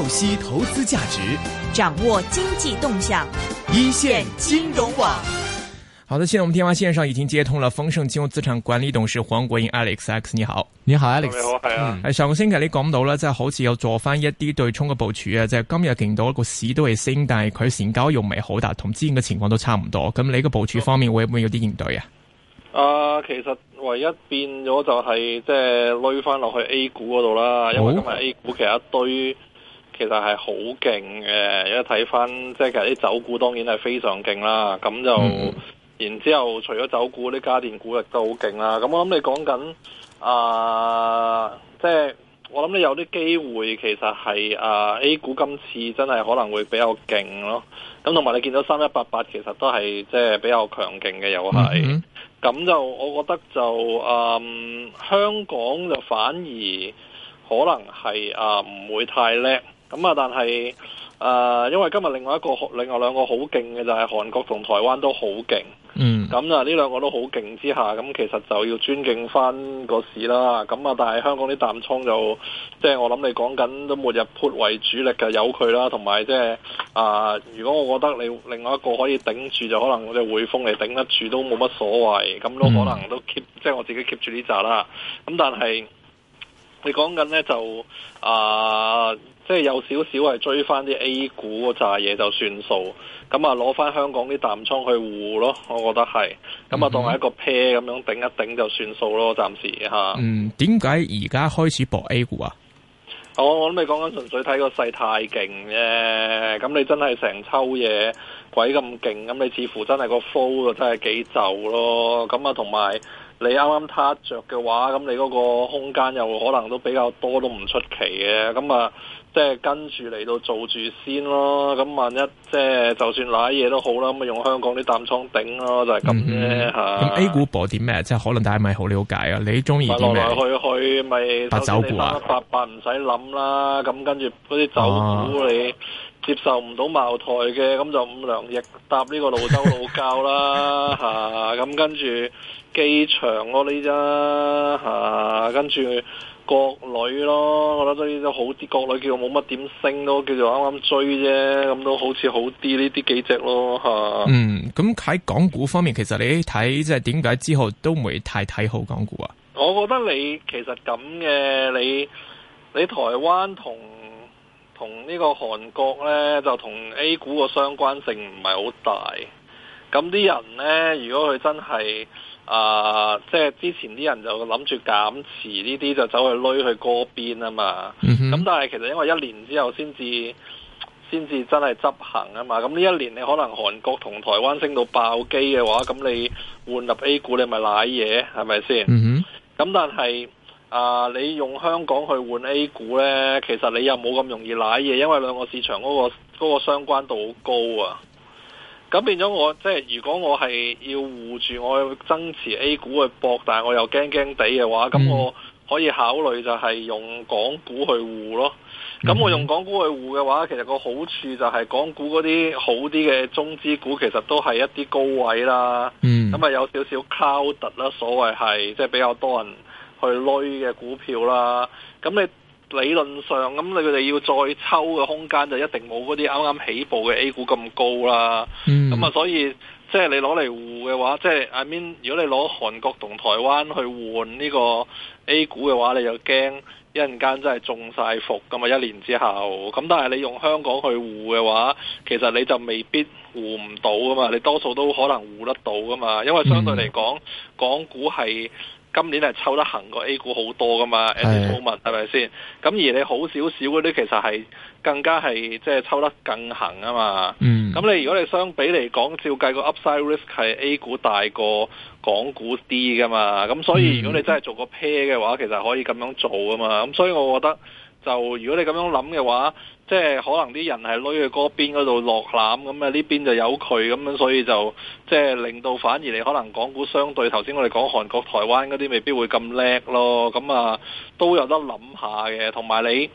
透析投資價值，掌握經濟動向，一線金融網。好的，現在我們電話線上已經接通了豐盛金融資產管理董事黃國英 Alex X，你好，你好 Alex，、哦、你好係啊。上個星期你講到咧，即係好似有做翻一啲對沖嘅部署啊。在、就是、今日見到一個市都係升，但係佢成交又唔係好大，同之前嘅情況都差唔多。咁你嘅部署方面會唔會有啲應對啊？誒、呃，其實唯一變咗就係即係攞翻落去 A 股嗰度啦，因為今日 A 股其實一堆。其實係好勁嘅，一睇返即係其實啲走股當然係非常勁啦。咁就，嗯、然之後除咗走股，啲家電股亦都好勁啦。咁我諗你講緊啊，即係我諗你有啲機會，其實係啊、呃、A 股今次真係可能會比較勁咯。咁同埋你見到三一八八，其實都係即係比較強勁嘅，又係。咁、嗯嗯、就我覺得就啊、呃，香港就反而可能係啊唔會太叻。咁啊！嗯、但係誒、呃，因為今日另外一個、另外兩個好勁嘅就係韓國同台灣都好勁。嗯。咁啊，呢兩個都好勁之下，咁、嗯、其實就要尊敬翻個市啦。咁、嗯、啊，但係香港啲淡倉就即係我諗你講緊都末日 put 為主力嘅有佢啦，同埋即係啊，如果我覺得你另外一個可以頂住，就可能我哋匯豐嚟頂得住都冇乜所謂。咁、嗯、都可能都 keep，即係我自己 keep 住呢扎啦。咁、嗯、但係你講緊呢就啊。呃即係有少少係追翻啲 A 股嗰扎嘢就算數，咁啊攞翻香港啲淡倉去護咯，我覺得係，咁啊當係一個 pair 咁樣頂一頂就算數咯，暫時吓。啊、嗯，點解而家開始搏 A 股啊？啊我我都未講緊，純粹睇個勢太勁啫。咁你真係成抽嘢，鬼咁勁，咁你似乎真係個 fall 真係幾就咯。咁啊，同埋你啱啱撻着嘅話，咁你嗰個空間又可能都比較多，都唔出奇嘅。咁啊。即係跟住嚟到做住先咯，咁萬一即係就算賴嘢都好啦，咁咪用香港啲淡倉頂咯，就係咁啫吓。咁、啊嗯嗯嗯、A 股博啲咩？即係可能大家咪好了解啊。你中意啲來來去下去咪白酒股八、啊、八唔使諗啦。咁、嗯、跟住嗰啲酒股你接受唔到茅台嘅，咁、啊、就五糧液搭呢個瀘州老窖啦，吓。咁跟住機場咯呢啫，吓。跟住。國女咯，我覺得都呢啲好啲，國女叫做冇乜點升咯，叫做啱啱追啫，咁都好似好啲呢啲幾隻咯吓。嗯，咁喺港股方面，其實你睇即係點解之後都唔會太睇好港股啊？我覺得你其實咁嘅，你你台灣同同呢個韓國呢，就同 A 股個相關性唔係好大。咁啲人呢，如果佢真係。啊、呃，即係之前啲人就諗住減持呢啲，就走去攞去嗰邊啊嘛。咁、嗯、哼但係其實因為一年之後先至先至真係執行啊嘛。咁呢一年你可能韓國同台灣升到爆機嘅話，咁你換入 A 股你咪舐嘢，係咪先？咁、嗯、哼但係啊、呃，你用香港去換 A 股呢，其實你又冇咁容易舐嘢，因為兩個市場嗰、那個嗰、那個相關度好高啊。咁變咗我即係，如果我係要護住我增持 A 股去搏，但係我又驚驚地嘅話，咁我可以考慮就係用港股去護咯。咁我用港股去護嘅話，其實個好處就係港股嗰啲好啲嘅中資股，其實都係一啲高位啦。咁啊、嗯、有少少 crowded 啦，所謂係即係比較多人去濾嘅股票啦。咁你？理論上，咁你佢哋要再抽嘅空間就一定冇嗰啲啱啱起步嘅 A 股咁高啦，咁、嗯、啊所以即係你攞嚟換嘅話，即係阿 Min，如果你攞韓國同台灣去換呢個 A 股嘅話，你就驚一陣間真係中晒伏㗎嘛，一年之後，咁但係你用香港去換嘅話，其實你就未必換唔到㗎嘛，你多數都可能換得到㗎嘛，因為相對嚟講，嗯、港股係。今年係抽得行個 A 股好多噶嘛，a 一啲數目係咪先？咁的而你好少少嗰啲，其實係更加係即係抽得更行啊嘛。咁、嗯、你如果你相比嚟講，照計個 Upside Risk 係 A 股大過港股啲噶嘛。咁所以如果你真係做個 Pair 嘅話，嗯、其實可以咁樣做啊嘛。咁所以我覺得就如果你咁樣諗嘅話，即係可能啲人係攞去嗰邊嗰度落攬，咁啊呢邊就有佢，咁樣所以就即係令到反而你可能港股相對頭先我哋講韓國、台灣嗰啲未必會咁叻咯，咁啊都有得諗下嘅，同埋你。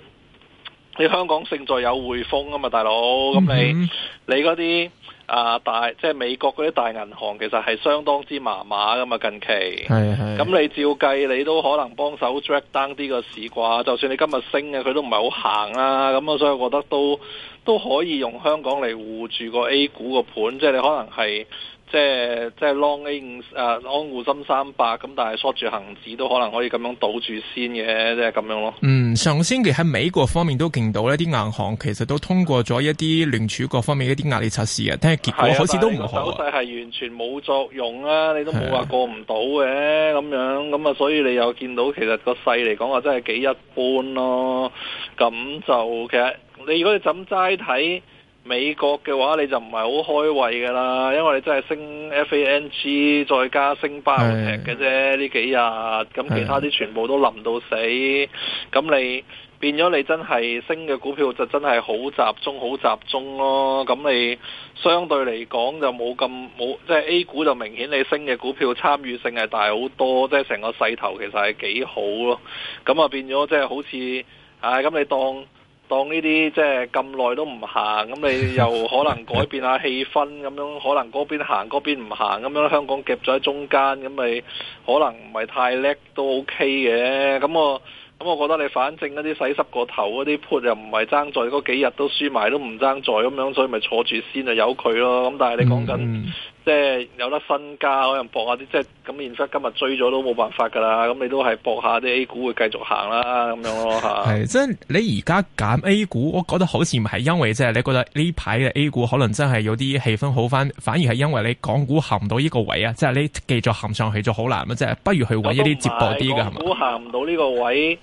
你香港勝在有匯豐啊嘛，大佬。咁你、嗯、哼你嗰啲啊大，即係美國嗰啲大銀行，其實係相當之麻麻噶嘛。近期係係，咁、嗯嗯、你照計，你都可能幫手 drag down 啲個市啩。就算你今日升嘅，佢都唔係好行啦、啊。咁、嗯、啊，所以我覺得都都可以用香港嚟護住個 A 股個盤，即係你可能係。即係即係 long A 五啊，安護心三百咁，但係 short 住恆指都可能可以咁樣倒住先嘅，即係咁樣咯。嗯，上個星期喺美國方面都見到呢啲銀行其實都通過咗一啲聯儲各方面一啲壓力測試嘅，但係結果好似都唔好、啊啊、手勢係完全冇作用啊，你都冇話過唔到嘅咁樣，咁、嗯、啊，所以你又見到其實個勢嚟講，話真係幾一般咯。咁就其實你如果你枕齋睇？美國嘅話你就唔係好開胃噶啦，因為你真係升 FANG 再加升巴菲特嘅啫，呢是的 幾日咁其他啲全部都冧到死，咁是的 你變咗你真係升嘅股票就真係好集中好集中咯，咁你相對嚟講就冇咁冇，即係 A 股就明顯你升嘅股票參與性係大好多，即係成個勢頭其實係幾好咯，咁啊變咗即係好似，唉、哎、咁你當。當呢啲即係咁耐都唔行，咁、嗯、 你又可能改變下氣氛咁樣，可能嗰邊行嗰邊唔行咁樣，香港夾咗喺中間，咁咪可能唔係太叻都 O K 嘅。咁我咁我覺得你反正嗰啲洗濕個頭嗰啲 put 又唔係爭在嗰幾日都輸埋都唔爭在咁樣，所以咪坐住先啊，由佢咯。咁但係你講緊。嗯嗯即係有得身家，可能搏下啲，即係咁，現實今日追咗都冇辦法噶啦。咁、嗯、你都係搏下啲 A 股會繼續行啦，咁樣咯吓。 係即係你而家揀 A 股，我覺得好似唔係因為即係你覺得呢排嘅 A 股可能真係有啲氣氛好翻，反而係因為你港股含唔到呢個位啊，即係你繼續含上去就好難啊，即係不如去搵一啲接駁啲嘅係嘛。港股行唔到呢個位，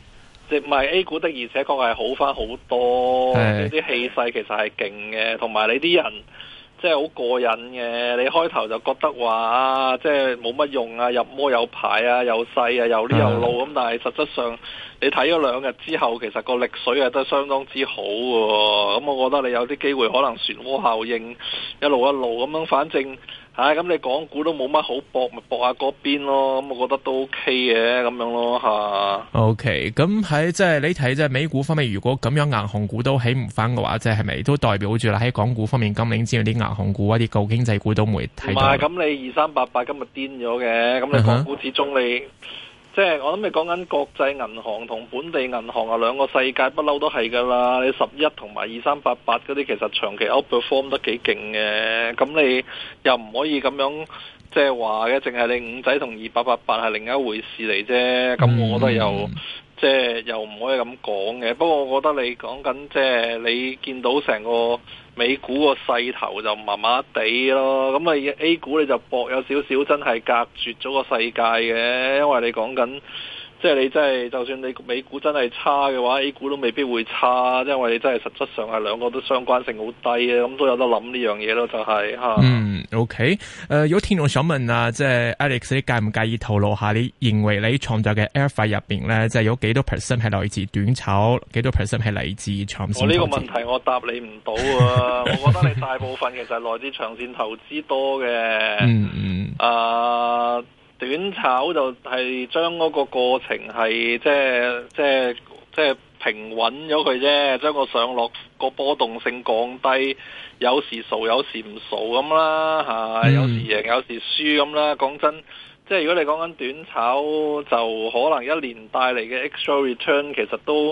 即唔係 A 股的，而且確係好翻好多，啲氣勢其實係勁嘅，同埋你啲人。即係好過癮嘅，你開頭就覺得話，即係冇乜用啊，入魔有排啊，又細啊，又呢又路咁，但係實質上你睇咗兩日之後，其實個力水啊都相當之好喎，咁、嗯、我覺得你有啲機會可能旋渦效應一路一路咁樣、嗯，反正。唉，咁、啊、你港股都冇乜好搏，咪搏下嗰邊咯。咁、嗯、我覺得都 OK 嘅，咁樣咯吓。OK，咁喺即係你睇即係美股方面，如果咁樣硬紅股都起唔翻嘅話，即係係咪都代表住啦？喺港股方面，今年之後啲銀行股一啲舊經濟股都唔會睇到。唔係，咁、啊、你二三八八今日癲咗嘅，咁你港股始終你。Uh huh. 即係我諗你講緊國際銀行同本地銀行啊，兩個世界不嬲都係噶啦。你十一同埋二三八八嗰啲，其實長期 outperform 得幾勁嘅。咁你又唔可以咁樣即係話嘅，淨係你五仔同二八八八係另一回事嚟啫。咁我覺得又、嗯、即係又唔可以咁講嘅。不過我覺得你講緊即係你見到成個。美股個勢頭就麻麻地咯，咁啊 A 股你就搏有少少，真係隔絕咗個世界嘅，因為你講緊。即係你真係，就算你美股真係差嘅話，A 股都未必會差，因為你真係實質上係兩個都相關性好低嘅，咁都有得諗呢樣嘢咯，就係吓。嗯他、um，OK，誒、呃，有聽眾想問啊，即係 Alex 介唔介意透露下你認為你創造嘅 Alpha 入邊咧，即係有幾多 percent 係來自短炒，幾多 percent 係嚟自長線？我呢個問題我答你唔到啊，我覺得你大部分其實來自長線投資多嘅。嗯嗯。啊。短炒就係將嗰個過程係即係即係即係平穩咗佢啫，將個上落個波動性降低，有時傻，有時唔傻咁啦嚇、嗯，有時贏有時輸咁啦。講真，即係如果你講緊短炒，就可能一年帶嚟嘅 extra return 其實都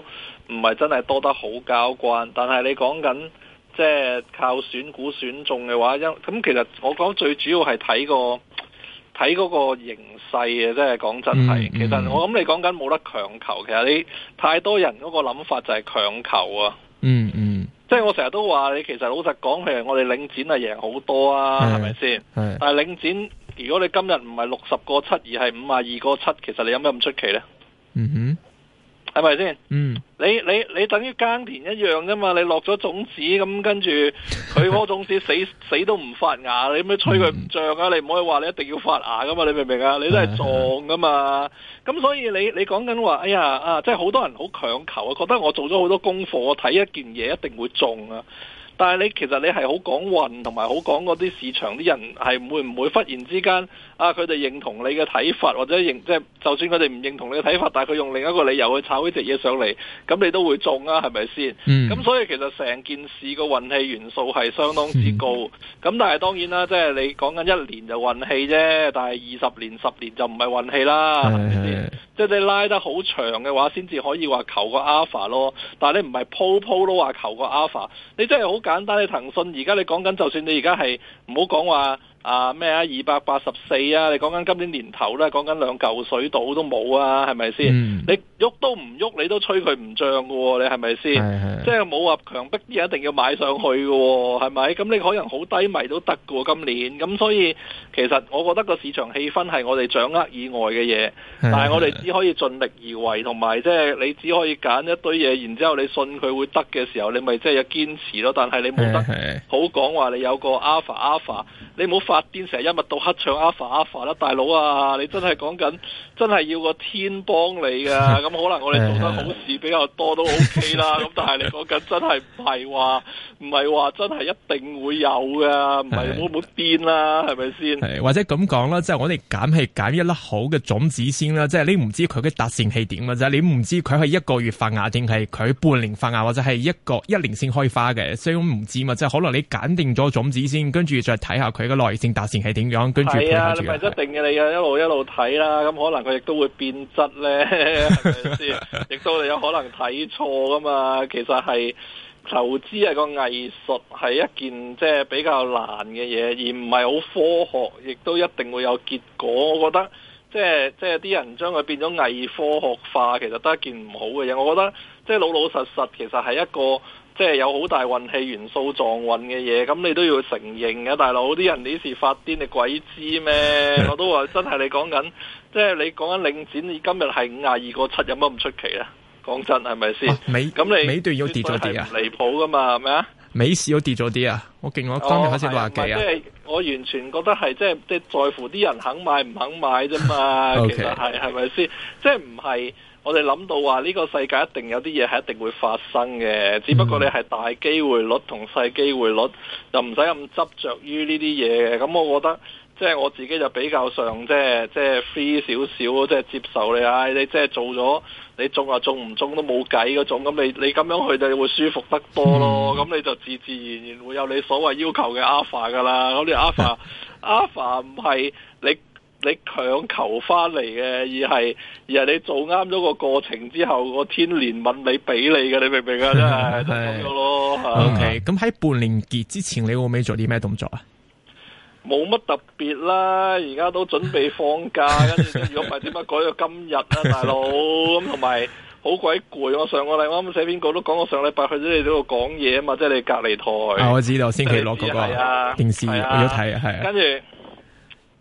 唔係真係多得好交關。但係你講緊即係靠選股選中嘅話，因咁其實我講最主要係睇個。睇嗰個形勢嘅，真係講真係。嗯嗯，其實我諗你講緊冇得強求，其實你太多人嗰個諗法就係強求啊。嗯嗯，嗯即係我成日都話你，其實老實講，譬如我哋領展係贏好多啊，係咪先？係的。的但係領展，如果你今日唔係六十個七，而係五啊二個七，其實你有咩咁出奇呢？嗯哼。係咪先？是是嗯，你你你等於耕田一樣啫嘛，你落咗種子咁，跟住佢嗰種子死死都唔發芽，你咪吹佢唔脹啊！嗯、你唔可以話你一定要發芽噶嘛，你明唔明啊？你都係撞噶嘛，咁、啊、所以你你講緊話，哎呀啊，即係好多人好強求啊，覺得我做咗好多功課，我睇一件嘢一定會中啊！但係你其實你係好講運，同埋好講嗰啲市場啲人係會唔會忽然之間？啊！佢哋認同你嘅睇法，或者認即係就算佢哋唔認同你嘅睇法，但係佢用另一個理由去炒呢隻嘢上嚟，咁你都會中啊，係咪先？咁、嗯、所以其實成件事個運氣元素係相當之高。咁、嗯、但係當然啦，即係你講緊一年就運氣啫，但係二十年、十年就唔係運氣啦，係咪先？吧即係你拉得好長嘅話，先至可以話求個 alpha 咯。但係你唔係鋪鋪都話求個 alpha，你真係好簡單。你騰訊而家你講緊，就算你而家係唔好講話。啊咩啊二百八十四啊！你講緊今年年頭咧，講緊兩嚿水到都冇啊，係咪先？嗯、你喐都唔喐，你都吹佢唔漲噶，你係咪先？是是是即係冇話強迫你一,一定要買上去噶、哦，係咪？咁你可能好低迷都得噶、哦，今年咁，所以其實我覺得個市場氣氛係我哋掌握以外嘅嘢，是是是但係我哋只可以盡力而為，同埋即係你只可以揀一堆嘢，然之後你信佢會得嘅時候，你咪即係有堅持咯。但係你冇得好講話，你有個 Alpha Alpha，你冇。發癲成日一物到黑唱 Alpha Alpha 啦，大佬啊！你真係講緊，真係要個天幫你噶。咁 可能我哋做得好事比較多都 OK 啦。咁 但係你講緊真係唔係話，唔係話真係一定會有噶，唔係 會唔會癲啦、啊？係咪先？或者咁講啦，即係我哋揀係揀一粒好嘅種子先啦。即係你唔知佢嘅特性係點噶咋？你唔知佢係一個月發芽定係佢半年發芽，或者係一個一年先開花嘅，所以唔知嘛。即係可能你揀定咗種子先，跟住再睇下佢嘅內。正打算係點樣，跟住跟住，係啊，你咪一定嘅，你嘅一路一路睇啦。咁可能佢亦都會變質咧，係咪先？亦都你有可能睇錯噶嘛。其實係投資係個藝術，係一件即係比較難嘅嘢，而唔係好科學，亦都一定會有結果。我覺得即係即係啲人將佢變咗偽科學化，其實都係一件唔好嘅嘢。我覺得即係老老實實，其實係一個。即係有好大運氣元素撞運嘅嘢，咁你都要承認嘅，大佬，啲人呢時發癲，你鬼知咩？我都話真係你講緊， 即係你講緊領展，你今日係五廿二個七，有乜唔出奇咧？講真係咪先？尾咁你尾段要跌咗啲啊？離譜噶嘛？係咪啊？尾市要跌咗啲啊？我見我今日開始都話啊、哦！即係我完全覺得係即係即係在乎啲人肯買唔肯買啫嘛。其實係係咪先？即係唔係？我哋諗到話呢、這個世界一定有啲嘢係一定會發生嘅，只不過你係大機會率同細機會率，就唔使咁執着於呢啲嘢。咁我覺得即係我自己就比較上即係即係 free 少少，即係接受你，唉、哎，你即係做咗，你中呀中唔中都冇計嗰種，咁你你咁樣去就會舒服得多咯。咁你就自自然然會有你所謂要求嘅 alpha alpha alpha 噶啦。咁你 alpha alpha 唔係你你強求翻嚟嘅，而係而係你做啱咗個過程之後，個天憐憫你俾你嘅，你明唔明啊？真係咁樣咯。OK，咁喺半年結之前，你會唔會做啲咩動作啊？冇乜特別啦，而家都準備放假，跟住如果唔係點解改咗今日啊，大佬？咁同埋好鬼攰，我上個禮我啱啱寫篇稿都講我上禮拜去咗你度講嘢啊嘛，即係你隔籬台。我知道，星期六嗰個電視要睇啊，跟住。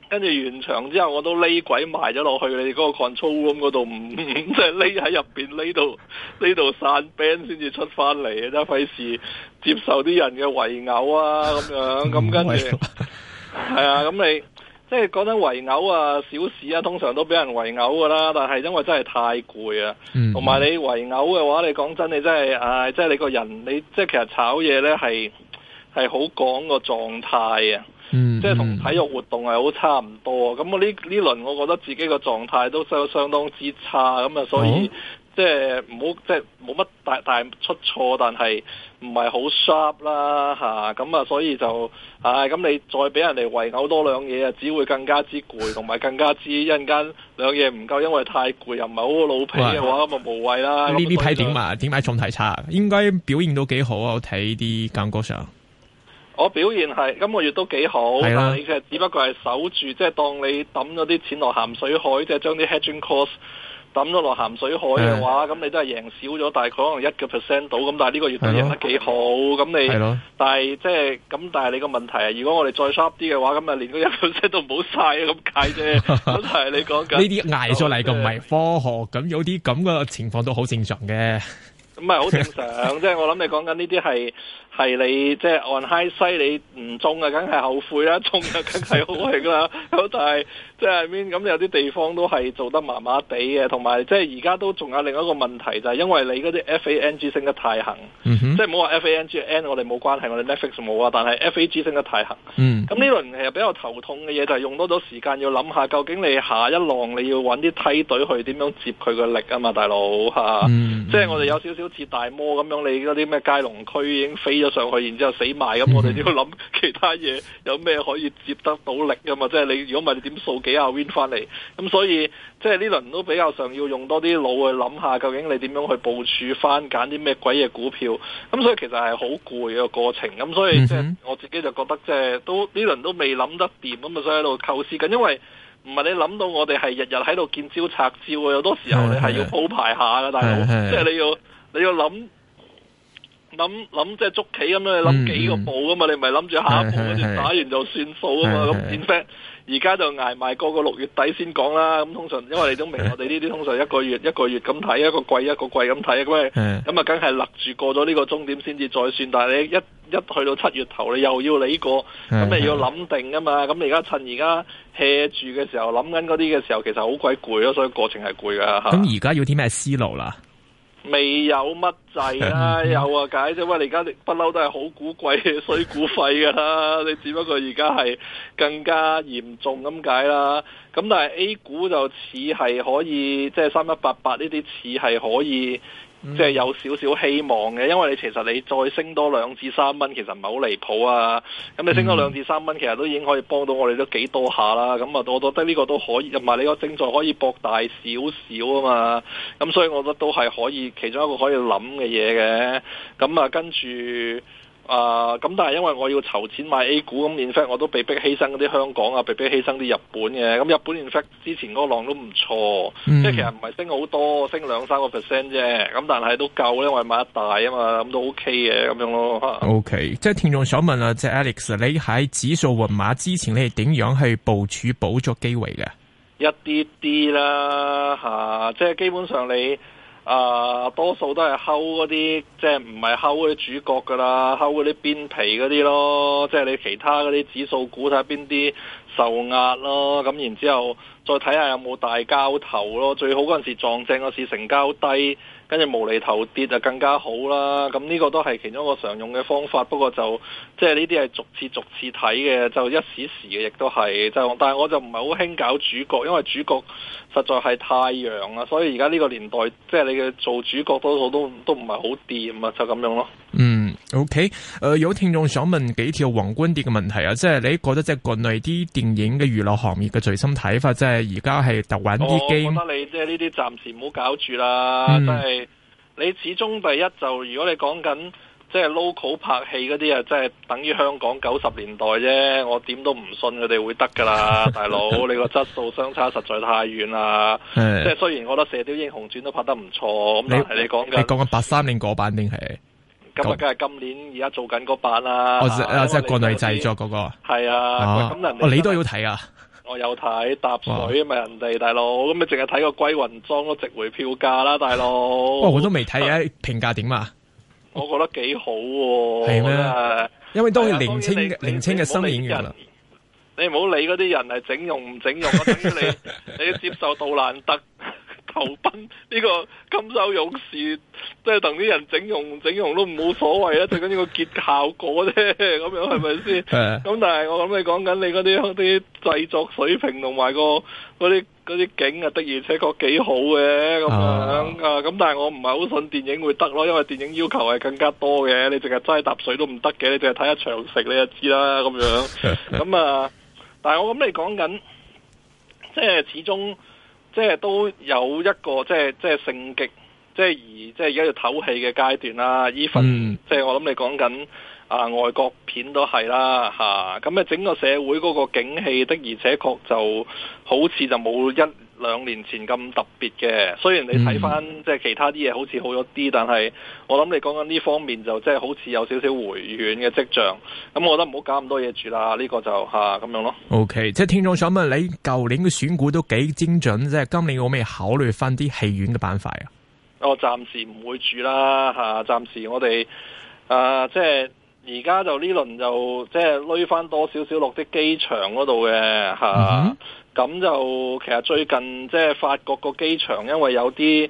跟住完場之後，我都匿鬼埋咗落去你嗰個 control room 嗰度，唔即係匿喺入邊匿到匿到散 band 先至出翻嚟，都費事接受啲人嘅圍毆啊咁樣。咁跟住係、 嗯嗯、啊，咁你即係講緊圍毆啊，小事啊，通常都俾人圍毆噶啦。但係因為真係太攰啊，同埋你圍毆嘅話，你講真，你真係唉、啊，即係你個人，你即係其實炒嘢咧，係係好講個狀態啊。嗯，嗯，即係同體育活動係好差唔多啊！咁我呢，呢輪我覺得自己個狀態都相相當之差，咁啊所以、哦、即係唔好即係冇乜大大出錯，但係唔係好 sharp 啦、啊、吓，咁啊所以就唉，咁、啊、你再俾人哋圍毆多兩嘢啊，只會更加之攰，同埋更加之一陣間兩嘢唔夠，因為太攰又唔係好老皮嘅話咁啊喂這無謂啦。呢啲排點啊？點解狀態差？應該表現都幾好啊？我睇啲感覺上。我表現係今個月都幾好，的但係其實只不過係守住，即係當你抌咗啲錢落鹹水海，即係將啲 hedging cost 抌咗落鹹水海嘅話，咁的你都係贏少咗，大概可能一個 percent 到。咁但係呢個月都贏得幾好，咁的你，的但係即係咁，但係你個問題係，如果我哋再 sharp 啲嘅話，咁咪連嗰一個 percent 都唔好晒。咁計啫。咁係你講緊呢啲捱咗嚟嘅唔係科學，咁 有啲咁嘅情況都好正常嘅。咁咪好正常，即係 我諗你講緊呢啲係，係你即係 on high 犀，你唔中啊，梗係後悔啦！中啊，梗係好嘅啦。咁 但係即係咁 I mean, 有啲地方都係做得麻麻地嘅，同埋即係而家都仲有另一個問題就係、是、因為你啲 FANG 升得太行，mm hmm. 即係唔好話 FANG 我哋冇關係，我哋 Netflix 冇啊，但係 FAG 升得太行。咁呢輪其實比較頭痛嘅嘢就係、是、用多咗時間要諗下，究竟你下一浪你要揾啲梯隊去點樣接佢個力啊嘛，大佬吓，啊 mm hmm. 即係我哋有少少似大摩咁樣，你啲咩街龍區已經飛咗。上去，然之後死埋咁，我哋都要諗其他嘢，有咩可以接得到力噶嘛？即係你如果唔係，你點掃幾下 win 翻嚟？咁所以即係呢輪都比較常要用多啲腦去諗下，究竟你點樣去部署翻，揀啲咩鬼嘢股票？咁所以其實係好攰嘅過程。咁所以即係我自己就覺得，即係都呢輪都未諗得掂啊嘛，所以喺度構思緊。因為唔係你諗到，我哋係日日喺度見招拆招啊！好多時候你係要鋪排下噶，大佬，即係你要你要諗。諗諗即係捉棋咁樣，你諗幾個步啊嘛，嗯、你咪諗住下一步，打完就算數啊嘛。咁點而家就挨埋個個六月底先講啦。咁通常，因為你都明我哋呢啲通常一個月一個月咁睇，一個季一個季咁睇，咁啊梗係勒住過咗呢個終點先至再算。但係你一一去到七月頭，你又要理過、這個，咁你要諗定啊嘛？咁你而家趁而家 hea 住嘅時候，諗緊嗰啲嘅時候，其實好鬼攰咯，所以過程係攰噶。咁而家要啲咩思路啦？未有乜制啦，有啊解啫。喂，你而家不嬲都係好古怪嘅衰股費噶啦，你只不過而家係更加嚴重咁解啦。咁但係 A 股就似係可以，即係三一八八呢啲似係可以。嗯、即係有少少希望嘅，因為你其實你再升多兩至三蚊，其實唔係好離譜啊。咁你升多兩至三蚊，其實都已經可以幫到我哋都幾多下啦。咁啊，我覺得呢個都可以，同埋、嗯、你個正在可以博大少少啊嘛。咁所以我覺得都係可以，其中一個可以諗嘅嘢嘅。咁啊，跟住。啊，咁、呃、但係因為我要籌錢買 A 股，咁 in fact 我都被逼犧牲嗰啲香港啊，被逼犧牲啲日本嘅。咁日本 in fact 之前嗰個浪都唔錯，即係、嗯、其實唔係升好多，升兩三個 percent 啫。咁但係都夠咧，我買一大啊嘛，咁都 OK 嘅咁樣咯。OK，即係聽眾想問啊，即係 Alex，你喺指數換馬之前，你係點樣去部署補足機會嘅？一啲啲啦吓，即、啊、係、就是、基本上你。啊，多數都係敲嗰啲，即係唔係敲嗰啲主角噶啦，敲嗰啲邊皮嗰啲咯，即係你其他嗰啲指數股睇下邊啲受壓咯，咁然之後再睇下有冇大交投咯，最好嗰陣時撞正個市成交低。跟住無厘頭跌就更加好啦，咁呢個都係其中一個常用嘅方法。不過就即係呢啲係逐次逐次睇嘅，就一時時嘅，亦都係就。但係我就唔係好興搞主角，因為主角實在係太陽啊，所以而家呢個年代即係你嘅做主角多數都都唔係好掂啊，就咁樣咯。嗯。O K，誒，有聽眾想問幾條宏觀啲嘅問題啊，即係你覺得即係國內啲電影嘅娛樂行業嘅最新睇法，即係而家係突搵資金。我覺得你即係呢啲暫時唔好搞住啦，即係、嗯、你始終第一就如果你講緊即係 local 拍戲嗰啲啊，即係、就是、等於香港九十年代啫，我點都唔信佢哋會得噶啦，大佬 你個質素相差實在太遠啦。 即係雖然我覺得《射雕英雄傳》都拍得唔錯，咁但係你講緊，你講緊八三年嗰版定係？咁啊，梗係今年而家做緊嗰版啦！哦，即係國內製作嗰個。係啊。咁啊？你都要睇啊？我有睇，搭水咪人哋大佬，咁你淨係睇個《歸雲莊》個值回票價啦，大佬。不過我都未睇啊，評價點啊？我覺得幾好喎。係咩？因為都係年青嘅年青嘅新演員。你唔好理嗰啲人係整容唔整容我等於你，你要接受到難得。投奔呢、這個金收勇士，即係同啲人整容，整容都冇所謂啊！最緊 要個結效果啫，咁樣係咪先？咁 但係我諗你講緊你嗰啲啲製作水平同埋，那個嗰啲啲景 啊，的而且確幾好嘅咁樣啊。咁但係我唔係好信電影會得咯，因為電影要求係更加多嘅。你淨係齋搭水都唔得嘅，你淨係睇一場食你就知啦。咁樣咁啊， 但係我諗你講緊即係始終。即係都有一個，即係即係性極，即係而即係而家要唞氣嘅階段啦。依份即係我諗你講緊啊外國片都係啦吓，咁啊整個社會嗰個景氣的而且確就好似就冇一。兩年前咁特別嘅，雖然你睇翻即係其他啲嘢好似好咗啲，但係我諗你講緊呢方面就即係好似有少少回軟嘅跡象。咁我覺得唔好搞咁多嘢住啦，呢、這個就吓，咁、啊、樣咯。O、okay, K，即係聽眾想問你，舊年嘅選股都幾精準，即係今年可唔可以考慮翻啲戲院嘅板塊啊？我暫時唔會住啦，吓，暫時我哋啊，即係而家就呢輪就即係攞翻多少少落啲機場嗰度嘅，吓。啊嗯咁就其實最近即係法國個機場，因為有啲，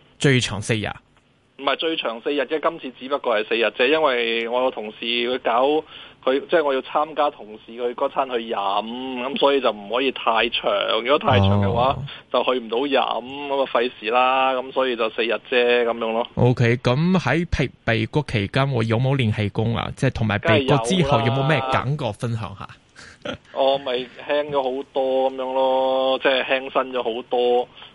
最長四日，唔係最長四日嘅。今次只不過係四日啫，因為我同事佢搞佢，即係我要參加同事佢嗰餐去飲，咁、嗯、所以就唔可以太長。如果太長嘅話，哦、就去唔到飲，咁啊費事啦。咁、嗯、所以就四日啫咁樣咯。OK，咁喺辟谷個期間，我有冇練氣功啊？即係同埋辟谷之後，有冇咩感覺分享下？我咪輕咗好多咁樣咯，即係輕身咗好多。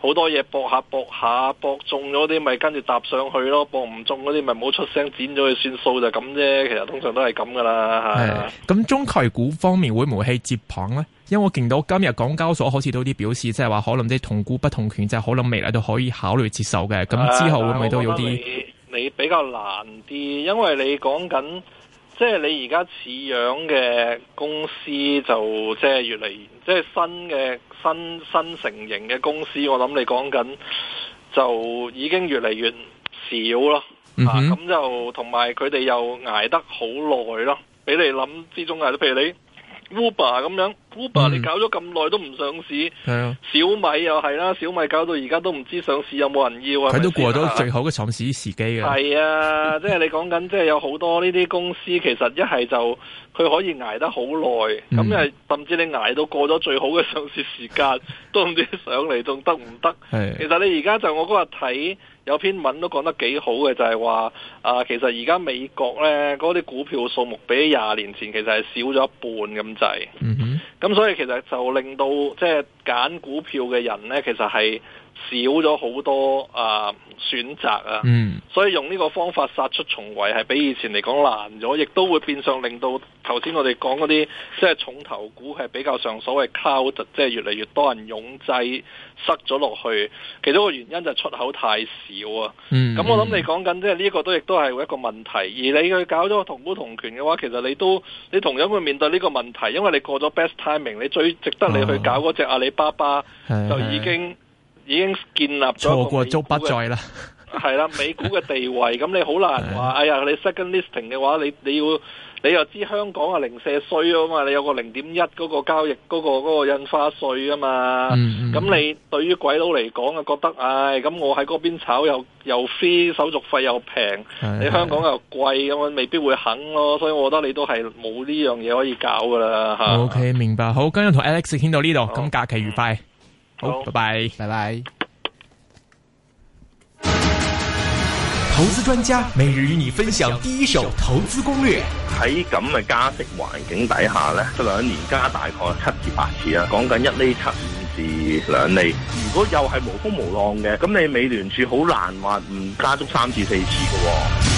好多嘢搏下搏下，搏中咗啲咪跟住搭上去咯，搏唔中嗰啲咪冇出聲剪咗佢算數就咁啫。其實通常都係咁噶啦。咁中概股方面會唔會係接棒呢？因為我見到今日港交所好似都有啲表示，即係話可能啲同股不同權，即係可能未來都可以考慮接受嘅。咁的之後會唔會都有啲？你比較難啲，因為你講緊。即係你而家似樣嘅公司就即係越嚟即係新嘅新新成型嘅公司，我諗你講緊就已經越嚟越少咯。嗯、哼啊，咁就同埋佢哋又捱得好耐咯，俾你諗之中捱得，譬如你。Uber 咁樣，Uber、嗯、你搞咗咁耐都唔上市，係啊、嗯，小米又係啦，小米搞到而家都唔知上市有冇人要啊，佢都過咗最好嘅上市時機啊，係啊，即係你講緊即係有好多呢啲公司，其實一係就佢可以挨得好耐，咁啊、嗯，甚至、就是、你挨到過咗最好嘅上市時間，都唔知上嚟仲得唔得？係、嗯，其實你而家就我嗰日睇。有篇文都講得幾好嘅，就係話啊，其實而家美國咧嗰啲股票數目比廿年前其實係少咗一半咁滯。嗯哼，咁所以其實就令到即係揀股票嘅人咧，其實係，少咗好多啊選擇啊，擇嗯、所以用呢個方法殺出重圍係比以前嚟講難咗，亦都會變相令到頭先我哋講嗰啲即係重頭股係比較上所謂拋，即係越嚟越多人擁擠塞咗落去。其中個原因就係出口太少啊。咁、嗯嗯、我諗你講緊即係呢個都亦都係一個問題。而你去搞咗個同股同權嘅話，其實你都你同樣會面對呢個問題，因為你過咗 best timing，你最值得你去搞嗰隻阿里巴巴、嗯、就已經。已經建立咗，錯過足不在啦。係啦，美股嘅地位咁， 你好難話。哎呀，你 second listing 嘅話，你你要你又知香港啊零舍稅啊嘛，你有個零點一嗰個交易嗰、嗰個、嗰個印花稅啊嘛。咁、嗯嗯、你對於鬼佬嚟講啊，覺得唉，咁、哎、我喺嗰邊炒又又 fee 手續費又平，嗯、你香港又貴，咁未必會肯咯。所以我覺得你都係冇呢樣嘢可以搞噶啦。OK，、嗯、明白。好，今日同 Alex 傾到呢度，咁假期愉快。好，拜拜，拜拜。投資專家每日與你分享第一手投資攻略。喺咁嘅加息環境底下咧，兩年加大概七至八次啦，講緊一厘七五至兩厘。如果又係無風無浪嘅，咁你美聯儲好難話唔加足三至四次㗎喎。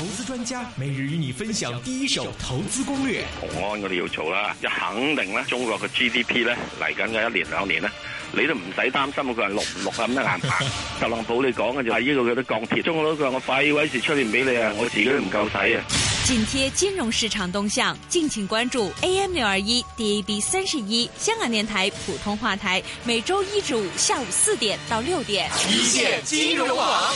投資專家每日與你分享第一手投資攻略。同安我哋要做啦，就肯定啦、 就是這個。中國嘅 GDP 咧嚟緊嘅一年兩年咧，你都唔使擔心嗰個人六唔六啊咁難。特朗普你講嘅就係呢個嘅都鋼鐵，中國都講我廢話事出現俾你啊，我自己都唔夠使啊。緊貼金融市場動向，敬請關注 AM 六二一 DAB 三十一香港電台普通話台，每周一至五下午四點到六點，一線金融網。